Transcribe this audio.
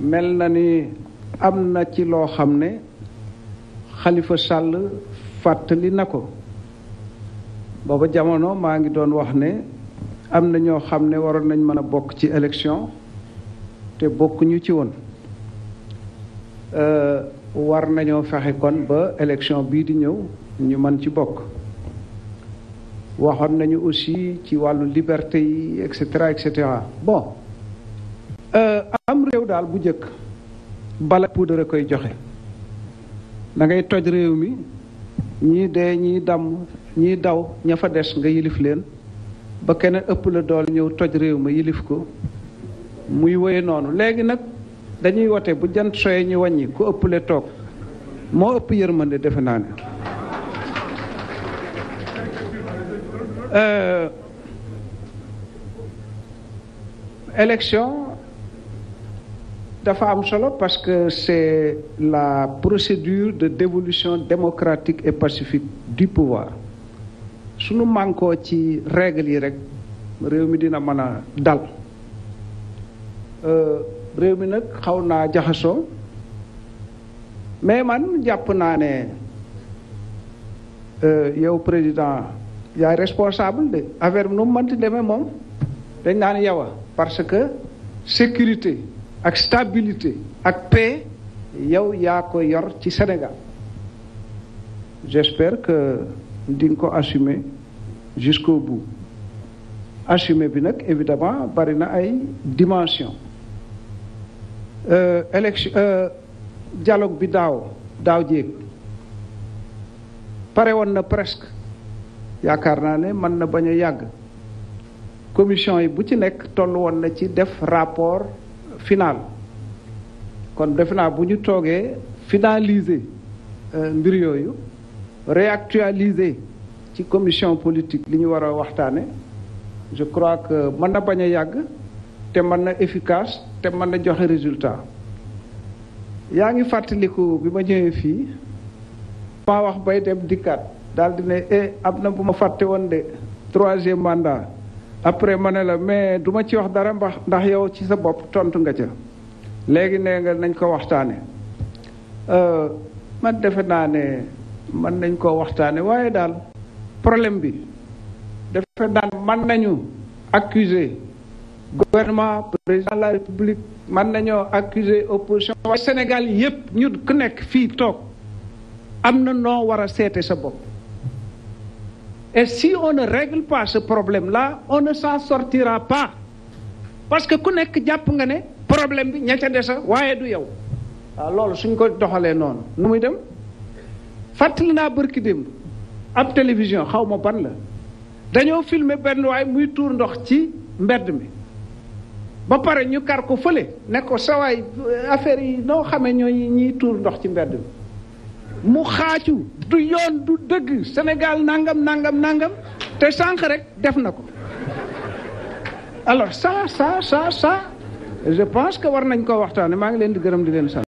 mel na ni am na ci loo xam ne xalifa sàll fàttali na ko booba jamono maa ngi doon wax ne am na ñoo xam ne waroon nañ mën a bokk ci élection te bokkuñu ci woon euh, war nañoo fexe kon ba élection bii di ñëw ñu mën ci bokk waxoon nañu aussi ci wàllu liberté yi et cetera bon euh, am réew daal bu njëkk bala poudre koy joxe dangay toj réew mi ñii dee ñii damm ñii daw ña fa des nga yilif leen ba keneen ëpp la dool ñëw toj réew ma yilif ko muy woye noonu léegi nag dañuy wote bu jant soye ñu wàññi ku ëpp la toog moo ëpp yërmande defe naa ne euh, élection dafa am solo parce que c'est la procédure de dévolution démocratique et pacifique du pouvoir suñu mànkoo ci règle yi rek réew mi dina mën a dal euh, réew mi nag xaw naa jaxasoo mais man jàpp naa ne euh, yow président yaay responsable de affaire bi nu mu mënti demee moom dañ naan yow a parce que sécurité ak stabilité ak paix yow yaa ko yor ci Sénégal j'espère que di ko assumer jusqu'au bout assumer bi nag évidemment bari na ay dimension euh, élection euh, dialogue bi daaw daaw jéeg pare woon na presque yaakaar naa ne mën na bañ a yàgg commission yi bu ci nekk toll woon na ci def rapport final kon defe naa bu ñu toogee finaliser euh, mbir yooyu réactualiser ci commission politique li ñu war a waxtaane je crois que mën na bañ a yàgg te mën na efficace te mën na joxe résultat yaa ngi fàttaliku bi ma ñëwee fii maa wax bay dem dikkaat daal di ne eh am na bu ma fàtte woon de troisième mandat après ma ne la mais duma ma ci wax dara mbax ndax yow ci sa bopp tontu nga ca léegi nee nga nañ ko waxtaane euh, man defe naa ne mën nañ ko waxtaane waaye daal problème bi defe naa man mën nañu accuser gouvernement président de la république mën nañoo accuser opposition waaye Sénégal yépp ñu ku nekk fii toog am na noo war a seete sa bopp Et si on ne règle pas ce problème la on ne s'en sortira pas. parce que ku nekk jàpp nga ne problème bi ña ca des waaye du yow waaw ah, loolu suñ ko doxalee noonu nu muy dem fàttali naa bërki démb ab télévision xaw ma ban la dañoo filmer benn waay muy tuur ndox ci mbedd mi ba pare ñu kar ko fële ne ko sawaay affaire yi noo xamee ñooñu ñiy tuur ndox ci mbedd mi mu xaacu du yoon du dëgg Sénégal nangam nangam nangam te sànq rek def na ko alors ça ça ça ça je pense que war nañ koo waxtaane maa ngi leen di gërëm di leen sant